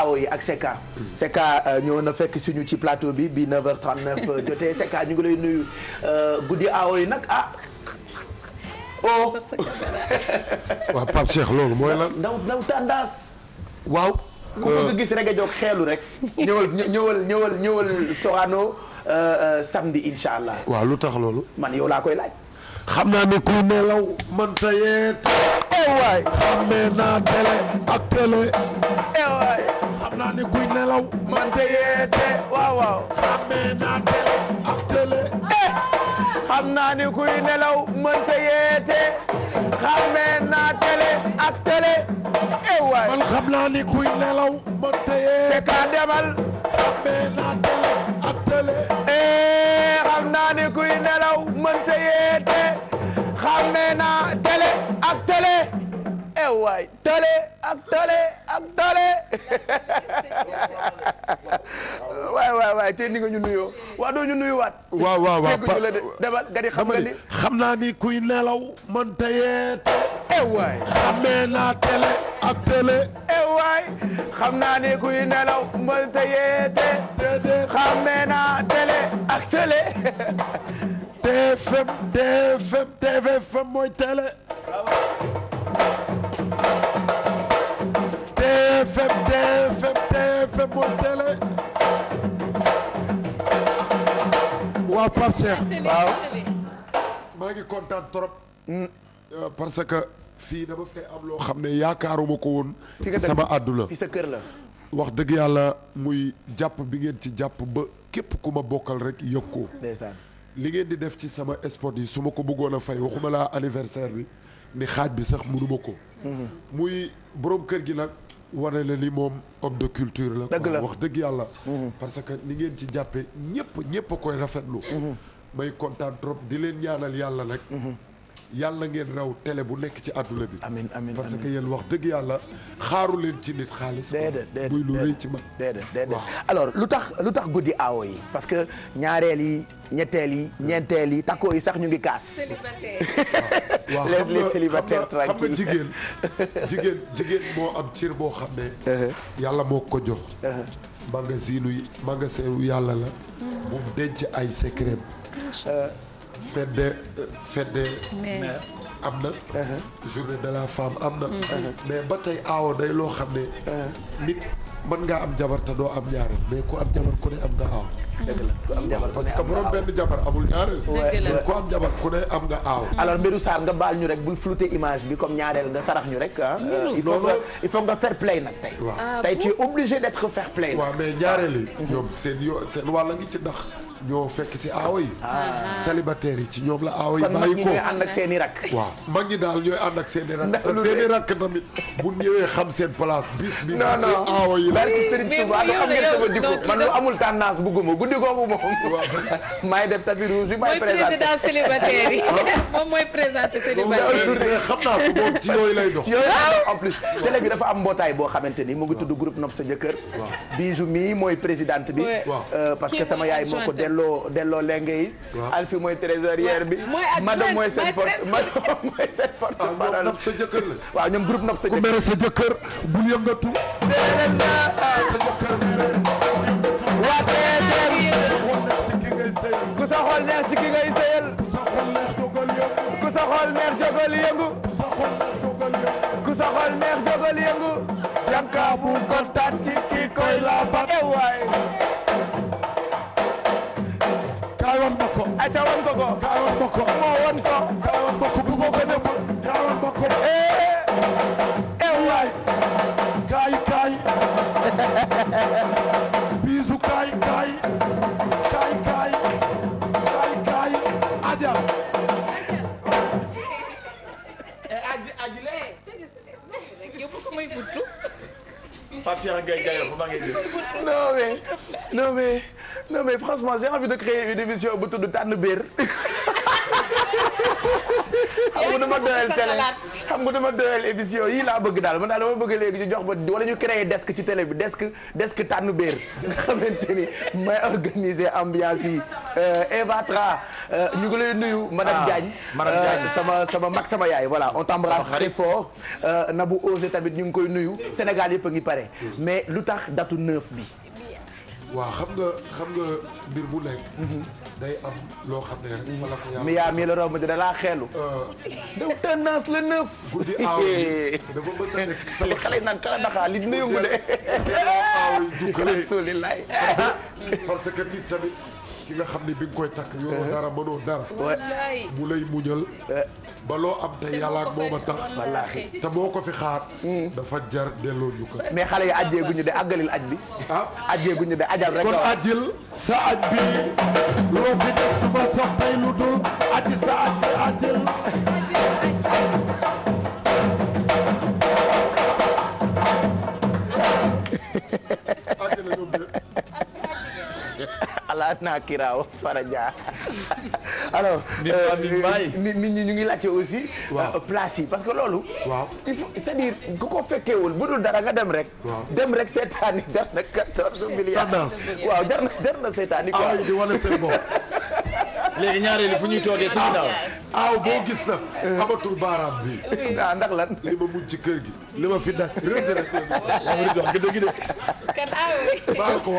awo yi ak Secka. Secka euh, ñëw na fekk suñu ci plateau bi bi 9h39 jotee Secka ñu ngi lay nuyu euh, guddi awo yi nag ah. oh. waaw Pape Cheikh loolu mooy lan. ndaw ndaw tendance. waaw. Euh. rek a jóg xeelu lu tax loolu. man yow laa koy laaj. xam naa ne ku nelaw mënta yeet. Eh, waay. xam naa télé ak télé. naa ni kuy nelaw man te yeete waaw waaw xamee naa télé ak télé eh! xam naa ni kuy nelaw man te yeete xamee naa télé ak télé eh waay man xam naa ni kuy nelaw man te yeete c'est ka demal xamee naa télé ak télé eh xam naa ni kuy nelaw man te yeete xamee naa télé ak télé waay tale ak tale ak tale waay waay waay te ni nga ñu nuyoo doo ñu nuyuwaat. waaw waaw gadi xam nga ni. xam naa ni kuy nelaw man tayee eh, te. eh waay xam naa ni kuy nelaw man tayee te. déedéet naa télé ak télé. TFM TFM TFM mooy télé. bu télé waaw Pape Cheikh waaw maa ngi kontaan trop mm. euh, parce que fii dama fee am loo xam ne yaakaaruma ko woon sama àdduna fi sa kër la wax dëgg yàlla muy jàpp bi ngeen ci jàpp ba képp ku ma bokkal rek yëg ko li ngeen di def ci sama sport yi su ma ko bëggoon a fay waxuma laa anniversaire bi ni xaaj bi sax mënuma ko mm-hmm. muy borom kër gi nag wane la li moom homme de culture la. dëgg la wax dëgg yàlla. Mhm. parce que ni ngeen ci jàppee ñëpp ñëpp a koy rafetlu. Mhm. may kontaan trop di leen ñaanal yàlla nag. Mhm. yàlla ngeen raw tele bu nekk ci àdduna bi. amiin amiin parce que yéen wax dëgg yàlla xaaru leen ci nit xaalis. déedéet muy lu rëy ci man. déedéet déedéet alors lu tax lu tax guddi aawo yi parce que ñaareel yi. ñetteel yi ñeenteel yi takko yi sax ñu ngi kaas. célibataire les les célibataires jigéen jigéen moo am cër boo xam ne. Uh-huh. yàlla moo ko jox. Uh-huh. magasin yi yàlla la. Mm. mu denc ay secret. Uh-huh. fedde euh, fedde am na journée de la femme am na mais ba tey aawo day loo xam ne nit mën ngaa am jabar te doo am ñaareel mais ku am jabar ku ne am nga aaw dëgg la am jabar parce que borom benn jabar amul ñaar. dëgg ku am jabar ku ne am nga aaw. alors Mbirou Sarr nga baal ñu rek bul flouter image bi comme ñaareel nga sarax ñu rek ah. il faut nga il faut fair play nag tey. waaw tey tu es ah, obligé d'être fair play. waaw mais ñaareel yi. Ah. ñoom seen yoo seen wàll ngi ci ndax. ñoo fekk si aawa yi. Ah. célibataire yi ci ñoom la aawa yi. bàyyi ko kon mag ñi ñooy ànd ak seen i rakk. waaw mag ñi daal ñooy ànd ak seen i rakk. te seen i rakk tamit bu ñëwee xam seen place. bis bi si aawa yi la. mais bu yow de man lu amul tendance bugguma guddi googu moom. maay def tapis rouge bi maay présenté. mooy président célibataire yi. Ah. moom mooy présenté célibataire yi. xam naa ko moom ci yooyu lay dox. yooyu en plus télé bi dafa am mbootaay boo xamante ni mu ngi tudd groupe nopp sa jëkkër. Bijou mi mooy présidente bi. Euh, parce que sama yaay moo ko delloo delloo lenge yi. alfi mooy trésorière bi. madame mooy seen porte madame mooy seen porte parole. sa jëkkër la. waaw ñoom groupe nopp sa jëkkër ku mere sa jëkkër bul yëngatu. ku sa xol neex ci ki ngay sëyal. ku sa xol neex jógal yëngu. ku sa xol neex jógal yëngu. ku sa xol neex jógal yëngu. jànka bu kontaan ci ki koy laabat. Eh aca wan biisu kaay kaay kaay kaay kaay kaay aja e aji yow ko may buttu Pape Cheikh Gaye Gaye ba ma ngi non mais non mais non mais franchement j'ai envie de créer une émission bu tudd tànn biir. xam nga dama doyal télé xam nga dama doyal émission yi laa bëgg daal man daal dama bëgg léegi ñu jox ba wala ñu créer desk ci télé bi desk desk tànn biir nga xamante ni may organiser ambiance yi euh, Eva Tra euh, ñu ngi lay nuyu. madame ah, Diagne euh, sama sama mag sama yaay voilà on t'embrasse très fort. Nabou Ose tamit ñu ngi koy nuyu Sénégal yëpp a ngi pare hmm. mais lu tax datu neuf bi. waaw xam nga xam nga mbir bu nekk. Mhm. day am loo xam ne rek. fa la ko yàlla mi la romb xeelu. Euh. daw tendance la neuf. guddi aaw bi dafa mës a nekk sama xale naan kala daxaa li dina yëngu de. aaw yi jukkale rasulilaay ki nga xam ne bi nga koy takk yoroo eh. dara mënoo dara mu lay muñal eh. ba loo am tey yàlla ak moom tax wallaahi boo ko fi xaar hmm. dafa jar delloo ñu ko mais xale yi ajjee guñu de àggalil aj bi ah ajjee guñu de ajal rek kon ajjil sa aj bi loo fi def ba sax tey lu dul aji sa aj bi laa naa kiraaw faraja alors nit euh, euh, mi ñu ngi laajte aussi euh, place yi parce que loolu waaw il faut cest ku ko fekkeewul bu dul dara nga dem rek dem rek seetaani jar na quatorze milliards waaw jar na jar na seetaani quoi di wane seen bopp léegi ñaareelu fu ñuy toogee ci ginnaaw aaw ah, boo gis sax xamatul baaraam bi ah ndax lan li ma mujj kër gi li ma fi daj rëdd rek yaa aaw bi ko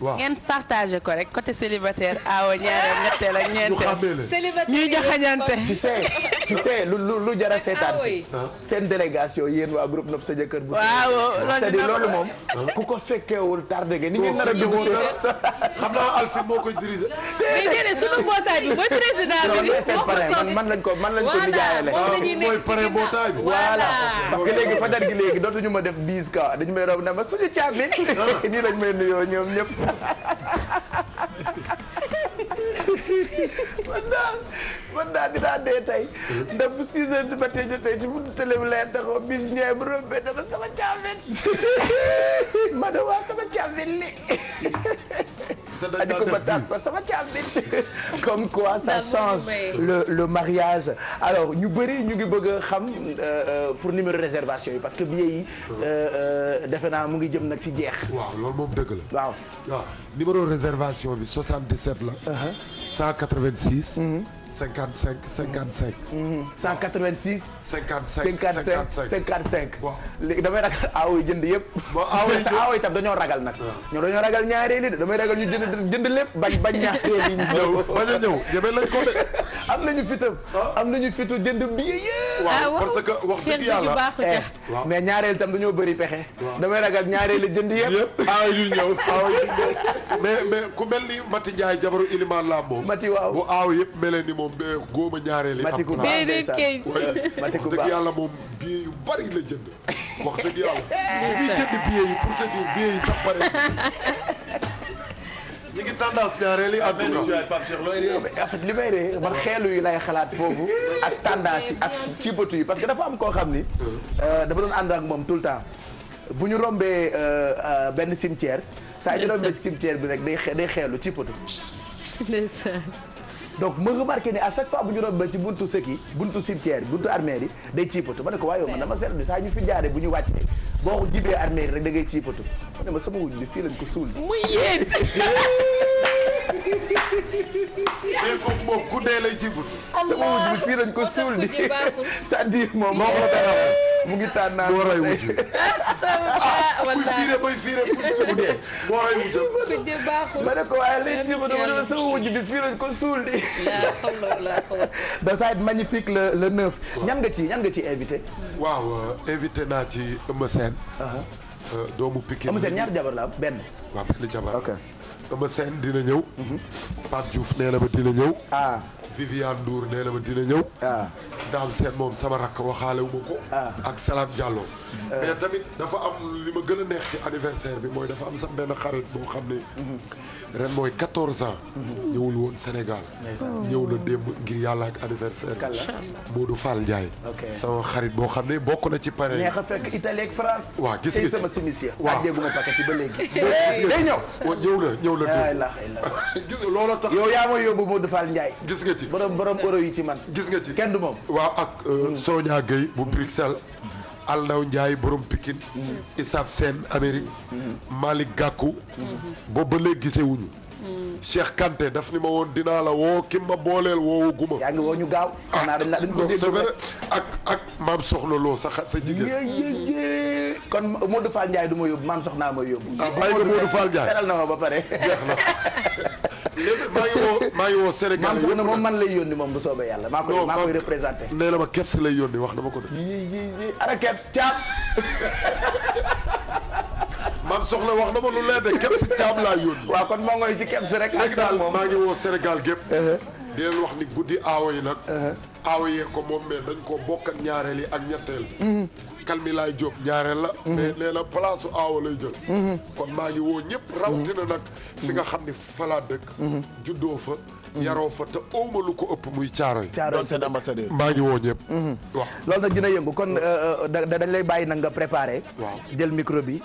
waaw ngeen partagé ko rek coté célibataire awo ñaareel ñetteel ak ñeenteel. célibataire ñuy joxañante. tu sais tu sais lu lu lu jar ah, seetaan si. Ah. seen délégation yéen waa groupe Nopp sa jëkkër bu. loolu moom. Ah, ku ko fekkeewul tardé ngeen. ni ngeen nar a dugg ci xam naa Alphine moo koy dirigé. déedéet sunu mbootaay bi ba président bi. seen parrain man lañ ko man lañ ko di jaayale. mooy parrain mbootaay bi. voilà parce que léegi fajar gi léegi dootuñu ma def bis ka dañu may rob na ma suñu caabi nii lañ may nuyoo ñoom ñëpp. man daal man daal dinaa dee tey ndax bu six heures du matin jotee ci buntu télé bi lay taxaw bis ñaay bu rombe dama sama càmmet ma ne waa sama càmmet li sama caal bi comme quoi ça change le le mariage alors ñu bëri ñu ngi bëgg a xam euh, euh, pour numéro réservation yi parce que billets yi euh, defe naa mu ngi jëm nag ci jeex waaw loolu moom dëgg la waaw waaw numéro réservation bi 77 la 186 uh-huh. 55 55. 186. 55 55 55 waaw léegi damay ragal aaw yi jënd yëpp. bon aaw yi aaw yi tam dañoo ragal nag. ñoo dañoo ragal ñaareel yi de damay ragal ñu jënd jënd lépp bañ bañ ñaareel yi ñu ñëw. bañ a ñëw jëmee lañ ko de. am nañu fitam ah. am nañu fitu jënd billet yëpp. Ah, waaw parce que wax dëgg yàlla eh, waaw mais ñaareel tam dañoo bëri pexe. damay ragal ñaareel yi jënd yëpp. aaw yi ñu ñëw aaw yi mais mais ku mel ni Mati Ndiaye jabaru Iliman Lambo. Mati waaw bu aaw yëpp mel moom ba góoma ñaareel am na déedéet dëgg yàlla moom billet yu bari la jënd wax dëgg yàlla ñuy jënd billet yi pour te dire billet yi sax bari ñu li man xeelu yi lay xalaat foofu ak tendance yi ak ci bëtu yi parce que dafa am koo xam ni euh. euh, dafa doon ànd ak moom tout le temps bu ñu rombee euh, benn cimetière saa ñu rombee cimetière bi rek day day xeelu ci bëtu donc ma remarqué ne à chaque fois bu ñu rombee ci buntu sëkki buntu cimetière buntu armée yi day ciipatu ma ne ko waaye yow man dama seetlu saa ñu fi jaaree bu ñu wàccee boo jibee armée yi rek da ngay ciipatu ma ma sama wuñ bi fii ko suul muy yéen mais kooku moom ku dee lay jiibut sama fii lañ ko suul di cest moo ko mu ngi tànn naa boo roy wujj ah, kuy fiire bay fiire bu ko waaye lay tiima dama ne la sama bi fii ko suul di da ça être magnifique le le ñan nga ci ñan nga ci invité waaw euh, invité naa ci Eumeu Sène uh-huh. euh, doomu Pikine Eumeu Sène ñaar jabar la am benn waaw benn jabar Eumeu Sène dina ñëw mm-hmm. Pape Diouf nee na dina ñëw ah. Viviane Ndour nee na ma dina ñëw. Ah. daam seen moom sama rakk waxaale wu ma ko. Ah. ak Salam Diallo. Ah. mais tamit dafa am li ma gën a neex ci anniversaire bi mooy dafa am sax benn xarit boo xam ne. ren mooy 14 ñëwul woon Sénégal. ñëw na démb ngir yàlla ak anniversaire bi. Modou Fall Ndiaye. sama xarit boo xam ne bokk na ci pare. neex a fekk Italie ak France. waa gis nga sama simisiya. waaw dégguma yi ba léegi. day ñëw. ñëw na ñëw na démb. gis nga tax. yow yaa ma yóbbu Modou Fall Ndiaye. gis ci borom borom euro yi ci man. gis nga ci kenn du moom. waaw ak euh, mm. Sonia Gueye bu Bruxelles. Alnaw Ndiaye borom Pikine. Mm. Issab Sène Amérique. Mm. Malick Gakou. Mm-hmm. boobu léegi gisee wuñu. Cheikh daf ni ma woon dinaa la woo ki ma booleel woowu guma. yaa ngi woo ñu gaaw. Ah, xanaa dañ la ko déglu ak ak maam Soxna Lo sa sa jigéen. kon Modou Fall Ndiaye du ma yóbbu maam Soxnaa ma yóbbu. ah bàyyi nga Modou Fall Ndiaye teral na ma ba pare. jeex na. lépp maa ngi woo maa ngi woo Sénégal yëpp na moom man lay yónni moom bu soobee yàlla. maa koy maa koy représenté. nee na ma keps lay yónni wax dama ko def. yi yi yi ara keps caam. maam soxla wax dama lu leer de keps caam laa yónni. waaw kon moo ngoy ci keps rek. ak daal moom maa ngi woo Sénégal gépp uh-huh. di wax ni guddi aawo yi nag uh-huh. aawo yee ko moom mais dañ ko bokk ñaareel yi ak ñetteel kalmi laay jóob ñaareel la mm-hmm. mais nee na place aawo lay jël mm-hmm. kon maa ngi woo ñëpp rawatina mm-hmm. nag fi nga xam ni falaa dëkk juddoo fa Mm-hmm. yaroo fa te awma lu ko ëpp muy caaro yi caaro seen maa ngi woo ñëpp mm-hmm. waaw loolu dina yëngu kon euh, euh, dañ lay bàyyi nag nga préparé waaw jël micro bi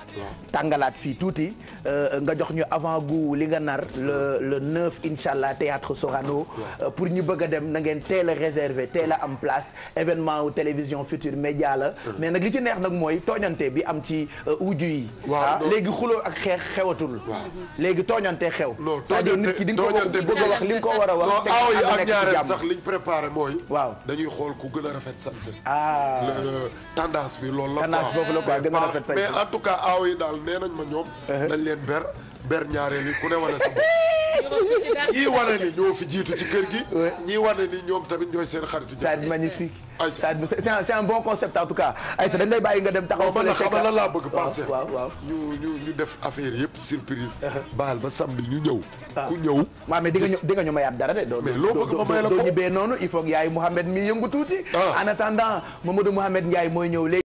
tàngalaat fii tuuti euh, nga jox ñu avant goût li nga nar le le neuf incha allah théâtre Sorano pour ñu bëgg dem na ngeen teel a réservé teel am place événement wu télévision Futurs la mais nag li ci neex nag mooy tooñante bi am ci wujju yi ah, léegi xuloo ak xeex xewatul léegi tooñante xew cest dire nit ki di nga ko wax li ko war a wax. teg ak nekk ak ñaareel sax liñ préparé mooy. waaw dañuy xool ku gën a rafet sañse. ah tendance bi lool la. tendance foofu la quoi gën a rafet sañse mais en tout cas aaw yi daal nee ma ñoom. dañ uh-huh. leen ber ber ñaareel yi ku ne wala sa ñii wane ni ñoo fi jiitu ci kër gi. ñii wane ni ñoom tamit ñooy seen xaritu. c'est magnifique. c'est un bon concept en tout cas. ayca dañ lay bàyyi nga dem taxaw fële. la laa bëgg pensé ñu ñu ñu def affaire yëpp surprise. Uh-huh. baal ba samedi ñu ñëw. Ah. ku ñëw. waaw mais di nga ñu di nga ñu mayaat dara de. mais loo bëgg ma may noonu il faut yaay Mouhamed mi yëngu tuuti. Ah. en attendant Mamadou Mouhamed Ndiaye mooy ñëw léegi.